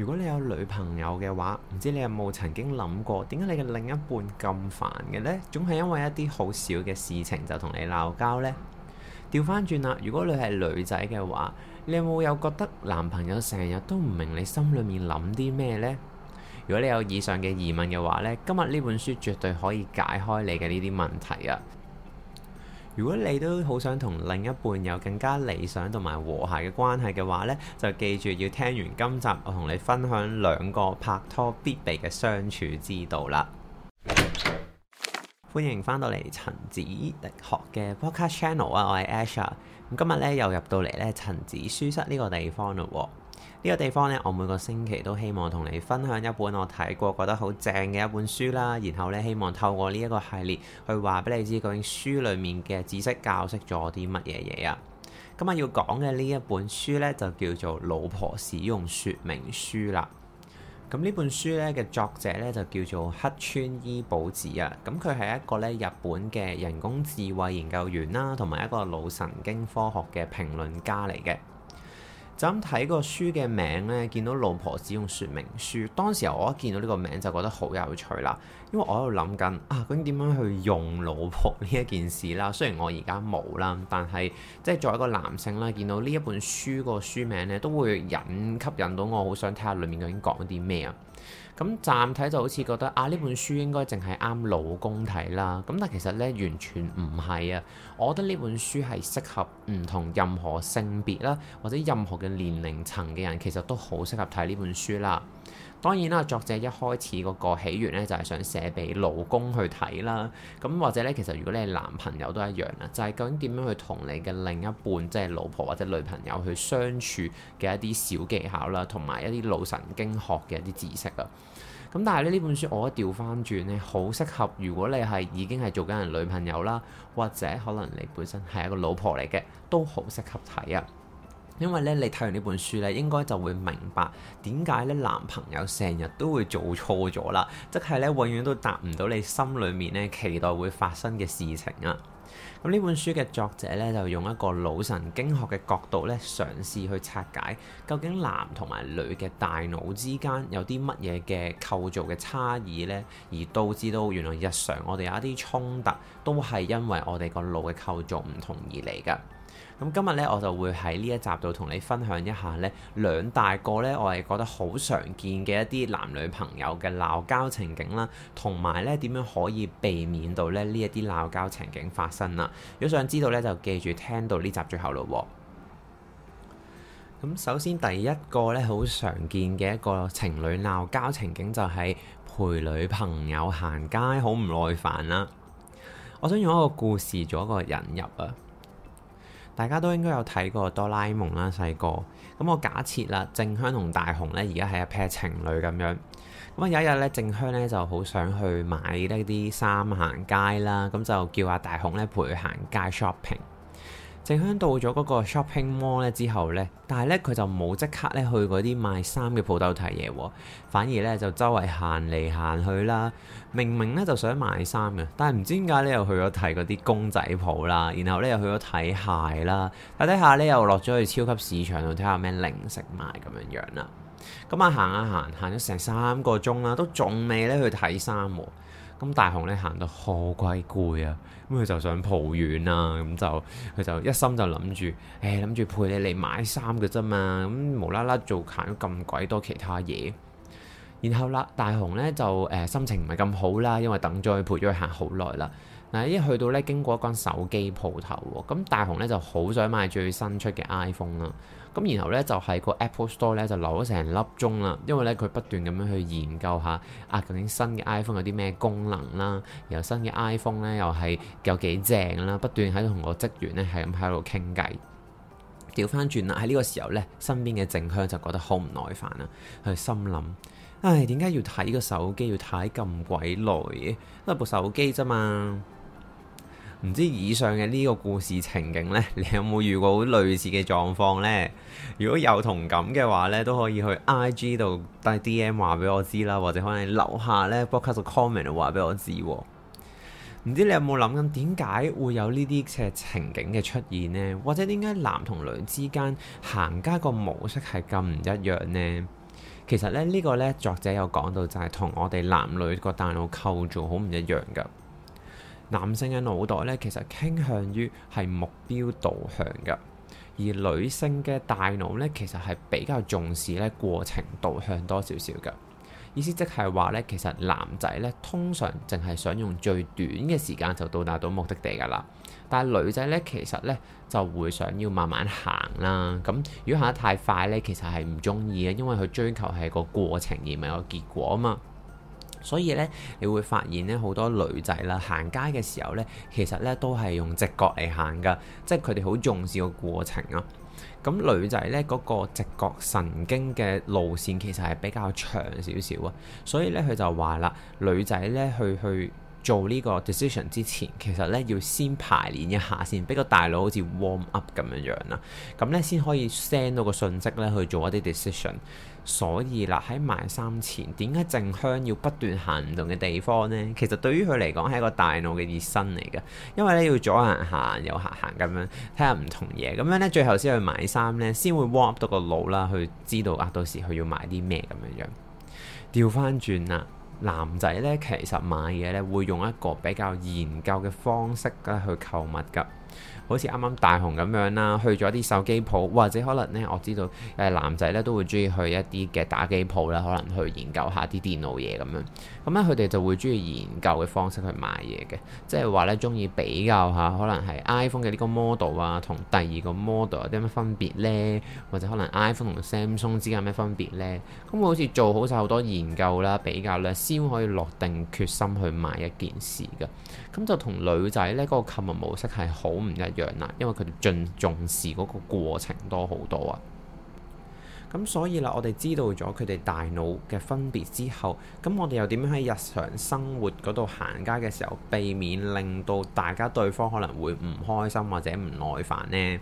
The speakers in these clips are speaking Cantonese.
如果你有女朋友嘅話，唔知你有冇曾經諗過，點解你嘅另一半咁煩嘅呢？總係因為一啲好小嘅事情就同你鬧交呢。調翻轉啦，如果你係女仔嘅話，你有冇有覺得男朋友成日都唔明你心裏面諗啲咩呢？如果你有以上嘅疑問嘅話呢，今日呢本書絕對可以解開你嘅呢啲問題啊！如果你都好想同另一半有更加理想同埋和諧嘅關係嘅話呢，就記住要聽完今集我同你分享兩個拍拖必備嘅相處之道啦！嗯、歡迎翻到嚟塵籽力學嘅 Podcast Channel 啊，我係 Ash，咁今日呢，又入到嚟咧塵籽書室呢個地方嘞喎。呢個地方呢，我每個星期都希望同你分享一本我睇過覺得好正嘅一本書啦。然後呢，希望透過呢一個系列去話俾你知究竟書裡面嘅知識教識咗啲乜嘢嘢啊。嗯、今日要講嘅呢一本書呢，就叫做《老婆使用說明書》啦。嗯、咁呢本書呢嘅作者呢，就叫做黑川伊保子啊。咁佢係一個呢日本嘅人工智慧研究員啦，同埋一個腦神經科學嘅評論家嚟嘅。就咁睇個書嘅名咧，見到老婆使用說明書，當時候我一見到呢個名就覺得好有趣啦，因為我喺度諗緊啊，究竟點樣去用老婆呢一件事啦。雖然我而家冇啦，但係即係作為一個男性啦，見到呢一本書個書名咧，都會引吸引到我，好想睇下裡面究竟講啲咩啊！咁暫睇就好似覺得啊，呢本書應該淨係啱老公睇啦，咁但其實呢，完全唔係啊！我覺得呢本書係適合唔同任何性別啦，或者任何嘅年齡層嘅人，其實都好適合睇呢本書啦。當然啦，作者一開始嗰個起源咧，就係想寫俾老公去睇啦。咁或者咧，其實如果你係男朋友都一樣啦，就係究竟點樣去同你嘅另一半，即係老婆或者女朋友去相處嘅一啲小技巧啦，同埋一啲腦神經學嘅一啲知識啊。咁但係咧，呢本書我調翻轉咧，好適合如果你係已經係做緊人女朋友啦，或者可能你本身係一個老婆嚟嘅，都好適合睇啊。因為咧，你睇完呢本書咧，應該就會明白點解咧，男朋友成日都會做錯咗啦，即係咧，永遠都答唔到你心裏面咧，期待會發生嘅事情啊。咁呢本書嘅作者咧，就用一個腦神經學嘅角度咧，嘗試去拆解，究竟男同埋女嘅大腦之間有啲乜嘢嘅構造嘅差異咧，而導致到原來日常我哋有一啲衝突都係因為我哋個腦嘅構造唔同而嚟㗎。咁今日咧，我就會喺呢一集度同你分享一下呢兩大個呢，我係覺得好常見嘅一啲男女朋友嘅鬧交情景啦，同埋呢點樣可以避免到咧呢一啲鬧交情景發生啦。如果想知道呢，就記住聽到呢集最後咯。咁首先第一個呢，好常見嘅一個情侶鬧交情景就係陪女朋友行街，好唔耐煩啦。我想用一個故事做一個引入啊。大家都應該有睇過哆啦 A 夢啦，細個。咁我假設啦，靜香同大雄咧，而家係一 pair 情侶咁樣。咁啊有一日咧，靜香咧就好想去買呢啲衫行街啦，咁就叫阿大雄咧陪佢行街 shopping。靜香到咗嗰個 shopping mall 咧之後呢，但係呢，佢就冇即刻咧去嗰啲賣衫嘅鋪頭睇嘢喎，反而呢，就周圍行嚟行去啦。明明呢就想買衫嘅，但係唔知點解呢，又去咗睇嗰啲公仔鋪啦，然後呢，又去咗睇鞋啦，睇睇下呢，又落咗去超級市場度睇下咩零食賣咁樣樣啦、啊。咁啊行啊行，行咗成三個鐘啦，都仲未呢去睇衫喎。咁大雄咧行到好鬼攰啊，咁佢就想抱怨啊，咁就佢就一心就諗住，誒諗住陪你嚟買衫嘅啫嘛，咁無啦啦做行咗咁鬼多其他嘢，然後啦大雄咧就誒、呃、心情唔係咁好啦，因為等咗佢陪咗佢行好耐啦。嗱一去到咧，經過一間手機鋪頭，咁大雄咧就好想買最新出嘅 iPhone 啦。咁然後咧就喺個 Apple Store 咧就留咗成粒鐘啦，因為咧佢不斷咁樣去研究下，啊究竟新嘅 iPhone 有啲咩功能啦，然後新嘅 iPhone 咧又係有幾正啦，不斷喺度同個職員咧係咁喺度傾偈。調翻轉啦，喺呢個時候咧，身邊嘅靜香就覺得好唔耐煩啦，佢心諗：唉，點解要睇個手機要睇咁鬼耐嘅？都係部手機啫嘛。唔知以上嘅呢個故事情景呢，你有冇遇過好類似嘅狀況呢？如果有同感嘅話呢，都可以去 IG 度帶 DM 話俾我知啦，或者可能你留下呢 Podcast Comment 話俾我知。唔知你有冇諗緊點解會有呢啲嘅情景嘅出現呢？或者點解男同女之間行街個模式係咁唔一樣呢？其實咧，呢個呢，作者有講到就係同我哋男女個大腦構造好唔一樣噶。男性嘅腦袋咧，其實傾向於係目標導向嘅；而女性嘅大腦咧，其實係比較重視咧過程導向多少少嘅。意思即係話咧，其實男仔咧通常淨係想用最短嘅時間就到達到目的地㗎啦。但係女仔咧，其實咧就會想要慢慢行啦。咁如果行得太快咧，其實係唔中意嘅，因為佢追求係個過程而唔係個結果啊嘛。所以咧，你會發現咧，好多女仔啦，行街嘅時候咧，其實咧都係用直覺嚟行噶，即係佢哋好重視個過程啊。咁女仔咧，嗰個直覺神經嘅路線其實係比較長少少啊。所以咧，佢就話啦，女仔咧去去，去做呢個 decision 之前，其實咧要先排練一下先，俾個大腦好似 warm up 咁樣樣啦。咁咧先可以 send 到個訊息咧去做一啲 decision。所以啦，喺買衫前，點解靜香要不斷行唔同嘅地方呢？其實對於佢嚟講係一個大腦嘅熱身嚟㗎，因為咧要左行行，右行行咁樣睇下唔同嘢，咁樣咧最後先去買衫咧，先會 warm up 到個腦啦，去知道啊到時佢要買啲咩咁樣樣。調返轉啦。男仔咧，其實買嘢咧會用一個比較研究嘅方式去購物㗎。好似啱啱大雄咁樣啦，去咗啲手機鋪，或者可能呢，我知道誒男仔呢都會中意去一啲嘅打機鋪啦，可能去研究下啲電腦嘢咁樣。咁咧佢哋就會中意研究嘅方式去買嘢嘅，即係話呢中意比較下可能係 iPhone 嘅呢個 model 啊，同第二個 model 有啲乜分別呢？或者可能 iPhone 同 Samsung 之間有咩分別呢？咁會好似做好晒好多研究啦，比較呢先可以落定決心去買一件事嘅。咁就同女仔呢嗰個購物模式係好唔一樣啦，因為佢哋盡重視嗰個過程多好多啊。咁所以啦，我哋知道咗佢哋大腦嘅分別之後，咁我哋又點樣喺日常生活嗰度行街嘅時候，避免令到大家對方可能會唔開心或者唔耐煩呢？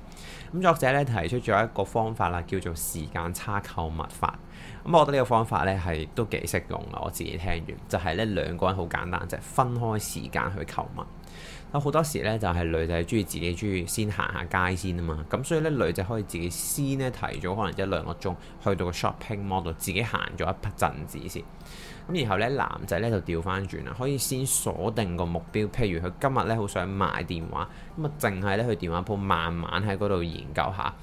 咁作者咧提出咗一個方法啦，叫做時間差購物法。咁我覺得呢個方法咧係都幾適用啊！我自己聽完就係咧兩個人好簡單啫，就係分開時間去購物。啊，好多時咧就係、是、女仔中意自己中意先行下街先啊嘛，咁所以咧，女仔可以自己先咧提早可能一兩個鐘，去到個 shopping mall 度自己行咗一陣子先，咁然後咧男仔咧就調翻轉啦，可以先鎖定個目標，譬如佢今日咧好想買電話，咁啊淨係咧去電話鋪慢慢喺嗰度研究下。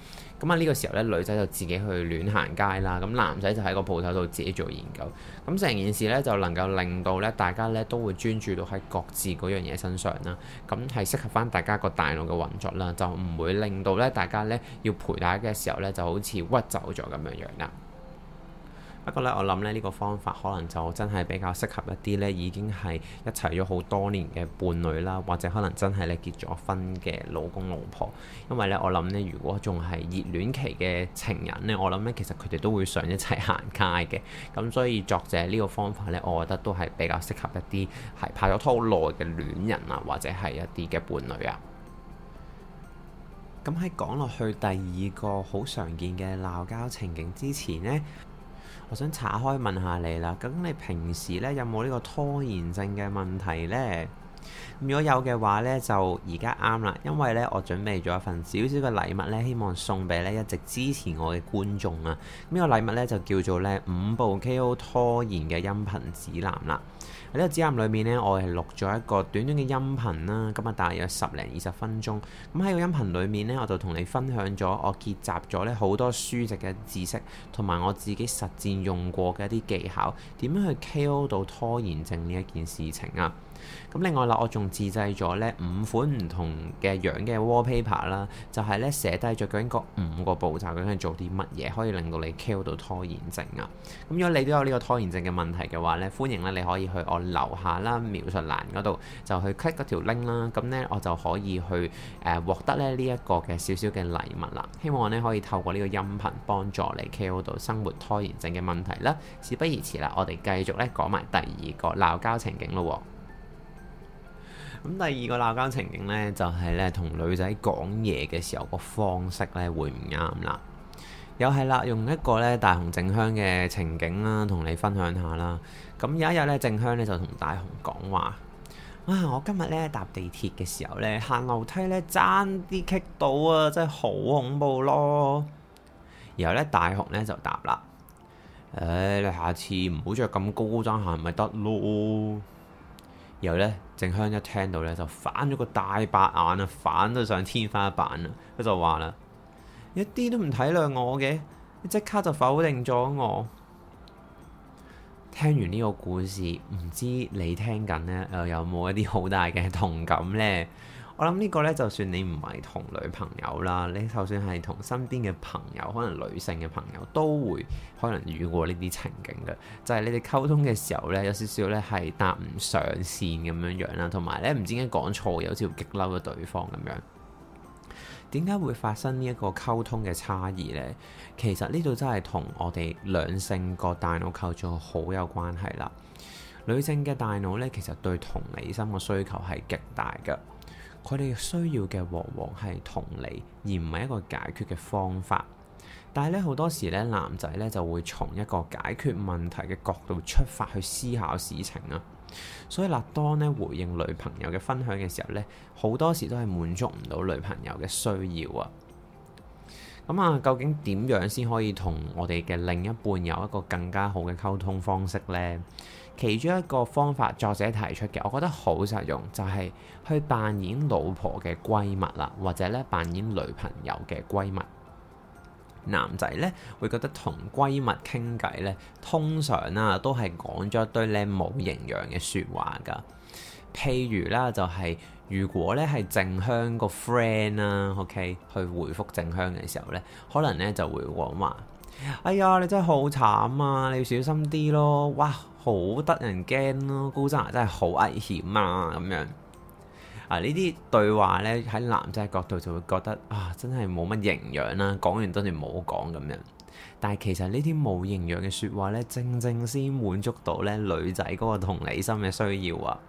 咁啊呢個時候咧，女仔就自己去亂行街啦，咁男仔就喺個鋪頭度自己做研究。咁成件事咧，就能夠令到咧，大家咧都會專注到喺各自嗰樣嘢身上啦。咁係適合返大家個大腦嘅運作啦，就唔會令到咧大家咧要陪打嘅時候咧，就好似屈走咗咁樣樣啦。不過咧，我諗咧呢個方法可能就真係比較適合一啲咧已經係一齊咗好多年嘅伴侶啦，或者可能真係咧結咗婚嘅老公老婆。因為咧，我諗咧如果仲係熱戀期嘅情人咧，我諗咧其實佢哋都會想一齊行街嘅。咁所以作者呢個方法咧，我覺得都係比較適合一啲係拍咗拖好耐嘅戀人啊，或者係一啲嘅伴侶啊。咁喺講落去第二個好常見嘅鬧交情景之前呢。我想查開問下你啦，咁你平時呢有冇呢個拖延症嘅問題呢？如果有嘅話呢，就而家啱啦，因為呢，我準備咗一份少少嘅禮物呢，希望送俾呢一直支持我嘅觀眾啊！呢個禮物呢，就叫做呢五步 K.O. 拖延嘅音頻指南啦。喺呢個指南裏面呢，我係錄咗一個短短嘅音頻啦，咁啊大約十零二十分鐘。咁喺個音頻裏面呢，我就同你分享咗我結集咗呢好多書籍嘅知識，同埋我自己實戰用過嘅一啲技巧，點樣去 K.O. 到拖延症呢一件事情啊！咁另外啦，我仲自製咗呢五款唔同嘅樣嘅 wallpaper 啦，就係呢寫低咗究竟嗰五個步驟，究竟做啲乜嘢可以令到你 KO 到拖延症啊？咁如果你都有呢個拖延症嘅問題嘅話呢，歡迎咧你可以去我樓下啦，描述欄嗰度就去 click 嗰條 link 啦。咁呢，我就可以去誒、呃、獲得咧呢一、這個嘅少少嘅禮物啦。希望呢可以透過呢個音頻幫助你 KO 到生活拖延症嘅問題啦。事不宜遲啦，我哋繼續咧講埋第二個鬧交情景咯。咁第二個鬧交情景呢，就係呢同女仔講嘢嘅時候個方式呢，會唔啱啦？又係啦，用一個呢大雄靜香嘅情景啦，同你分享下啦。咁有一日呢，靜香呢就同大雄講話：啊，我今日呢搭地鐵嘅時候呢，行樓梯呢，爭啲棘到啊，真係好恐怖咯！然後呢，大雄呢就答啦：誒、哎，你下次唔好着咁高踭鞋咪得咯？然後咧，靜香一聽到咧，就反咗個大白眼啊，反咗上天花板啦。佢就話啦：一啲都唔體諒我嘅，你即刻就否定咗我。聽完呢個故事，唔知你聽緊呢，又、呃、有冇一啲好大嘅同感呢？我諗呢個呢，就算你唔係同女朋友啦，你就算係同身邊嘅朋友，可能女性嘅朋友都會可能遇過呢啲情景嘅，就係你哋溝通嘅時候呢，有少少呢係搭唔上線咁樣樣啦，同埋呢唔知點解講錯，又好似激嬲咗對方咁樣。點解會發生呢一個溝通嘅差異呢？其實呢度真係同我哋兩性個大腦構造好有關係啦。女性嘅大腦呢，其實對同理心嘅需求係極大嘅。佢哋需要嘅往往係同理，而唔係一個解決嘅方法。但係咧好多時咧男仔咧就會從一個解決問題嘅角度出發去思考事情啊。所以立當咧回應女朋友嘅分享嘅時候咧，好多時都係滿足唔到女朋友嘅需要啊。咁、嗯、啊，究竟點樣先可以同我哋嘅另一半有一個更加好嘅溝通方式呢？其中一個方法，作者提出嘅，我覺得好實用，就係去扮演老婆嘅閨蜜啦，或者咧扮演女朋友嘅閨蜜。男仔呢會覺得同閨蜜傾偈呢，通常啦都係講咗一堆呢冇營養嘅說話噶。譬如啦，就係如果呢係靜香個 friend 啦，OK，去回覆靜香嘅時候呢，可能呢就會講話。哎呀，你真係好慘啊！你要小心啲咯，哇，好得人驚咯，高真牙真係好危險啊，咁、啊啊、樣啊呢啲對話呢，喺男仔角度就會覺得啊，真係冇乜營養啦，講完都唔好講咁樣。但係其實呢啲冇營養嘅説話呢，正正先滿足到呢女仔嗰個同理心嘅需要啊。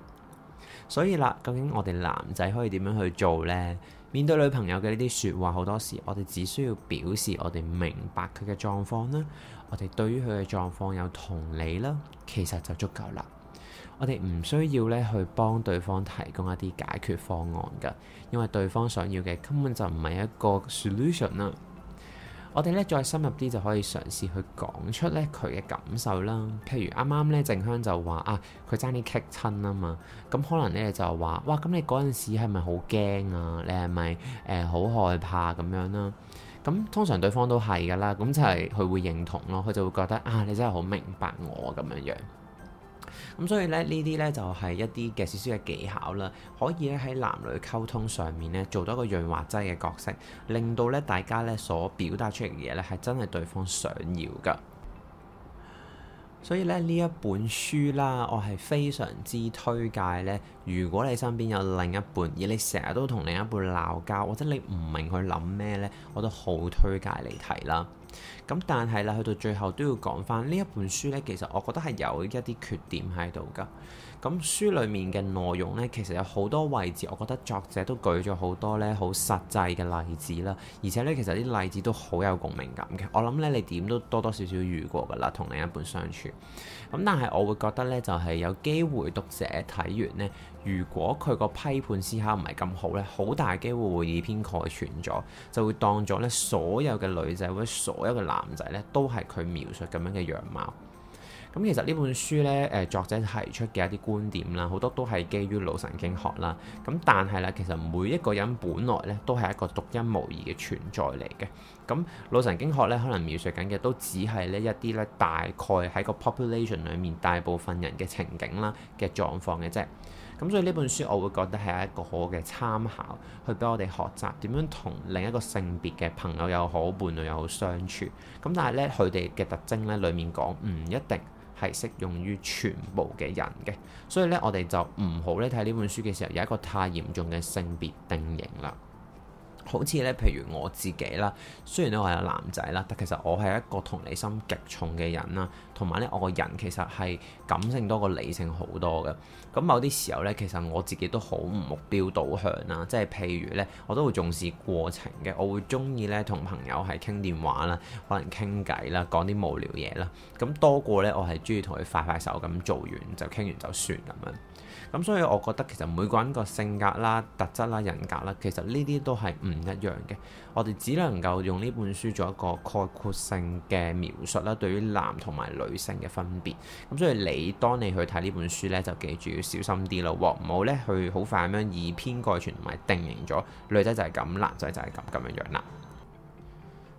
所以啦，究竟我哋男仔可以點樣去做呢？面對女朋友嘅呢啲説話，好多時我哋只需要表示我哋明白佢嘅狀況啦，我哋對於佢嘅狀況有同理啦，其實就足夠啦。我哋唔需要咧去幫對方提供一啲解決方案㗎，因為對方想要嘅根本就唔係一個 solution 啦。我哋咧再深入啲就可以嘗試去講出咧佢嘅感受啦。譬如啱啱咧靜香就話啊，佢爭啲棘親啊嘛。咁可能咧就話，哇！咁你嗰陣時係咪好驚啊？你係咪誒好害怕咁樣啦？咁通常對方都係噶啦。咁就係佢會認同咯。佢就會覺得啊，你真係好明白我咁樣樣。咁所以咧，呢啲呢就係一啲嘅小小嘅技巧啦，可以咧喺男女溝通上面呢做到一個潤滑劑嘅角色，令到呢大家呢所表達出嚟嘅嘢呢係真係對方想要㗎。所以咧呢一本書啦，我係非常之推介。呢如果你身邊有另一半，而你成日都同另一半鬧交，或者你唔明佢諗咩呢，我都好推介你睇啦。咁但係啦，去到最後都要講返呢一本書。呢其實我覺得係有一啲缺點喺度㗎。咁書裡面嘅內容呢，其實有好多位置，我覺得作者都舉咗好多呢好實際嘅例子啦，而且呢，其實啲例子都好有共鳴感嘅。我諗呢，你點都多多少少遇過噶啦，同另一半相處。咁但係我會覺得呢，就係、是、有機會讀者睇完呢，如果佢個批判思考唔係咁好呢，好大機會以會偏概全咗，就會當咗呢所有嘅女仔或者所有嘅男仔呢，都係佢描述咁樣嘅樣貌。咁其實呢本書咧，誒作者提出嘅一啲觀點啦，好多都係基於腦神經學啦。咁但係啦，其實每一個人本來咧都係一個獨一無二嘅存在嚟嘅。咁腦神經學咧，可能描述緊嘅都只係呢一啲咧大概喺個 population 裡面大部分人嘅情景啦嘅狀況嘅啫。咁所以呢本書我會覺得係一個好嘅參考，去俾我哋學習點樣同另一個性別嘅朋友又好、伴侶又好相處。咁但係咧，佢哋嘅特徵咧，裡面講唔一定，係適用於全部嘅人嘅，所以咧，我哋就唔好咧睇呢本書嘅時候有一個太嚴重嘅性別定型啦。好似咧，譬如我自己啦，雖然我係個男仔啦，但其實我係一個同理心極重嘅人啦，同埋咧我個人其實係感性多過理性好多嘅。咁某啲時候咧，其實我自己都好唔目標導向啦，即係譬如咧，我都會重視過程嘅，我會鍾意咧同朋友係傾電話啦，可能傾偈啦，講啲無聊嘢啦，咁多過咧，我係鍾意同佢快快手咁做完就傾完就算咁樣。咁所以，我覺得其實每個人個性格啦、特質啦、人格啦，其實呢啲都係唔一樣嘅。我哋只能夠用呢本書做一個概括性嘅描述啦，對於男同埋女性嘅分別。咁所以你當你去睇呢本書咧，就記住要小心啲咯，唔好咧去好快咁樣以偏概全同埋定型咗女仔就係咁，男仔就係咁咁樣樣啦。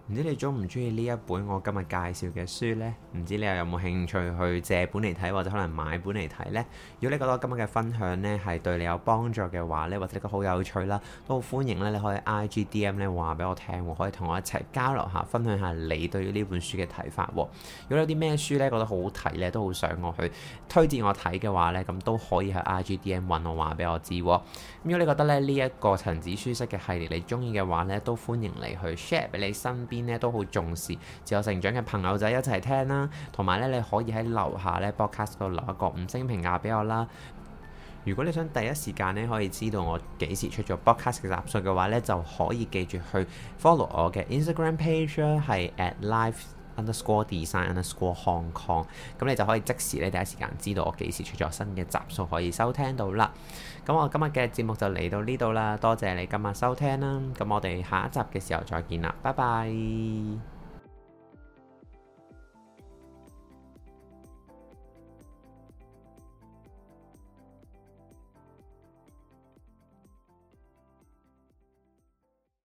唔知你中唔中意呢一本我今日介紹嘅書呢？唔知你又有冇興趣去借本嚟睇，或者可能買本嚟睇呢？如果你覺得今日嘅分享呢係對你有幫助嘅話咧，或者你覺得好有趣啦，都好歡迎咧，你可以 IGDM 咧話俾我聽，可以同我一齊交流下，分享下你對於呢本書嘅睇法。如果你有啲咩書呢覺得好睇呢，都好想我去推薦我睇嘅話呢，咁都可以喺 IGDM 揾我話俾我知。咁如果你覺得呢一個塵籽書室嘅系列你中意嘅話呢，都歡迎你去 share 俾你身邊咧都好重視自我成長嘅朋友仔一齊聽啦，同埋咧你可以喺樓下咧 podcast 度留一個五星評價俾我啦。如果你想第一時間咧可以知道我幾時出咗 podcast 嘅集數嘅話咧，就可以記住去 follow 我嘅 Instagram page 係 at life。Life Underscore Design 咧，Underscore Hong Kong，咁你就可以即時咧，第一時間知道我幾時出咗新嘅集數可以收聽到啦。咁我今日嘅節目就嚟到呢度啦，多謝你今日收聽啦。咁我哋下一集嘅時候再見啦，拜、嗯、拜。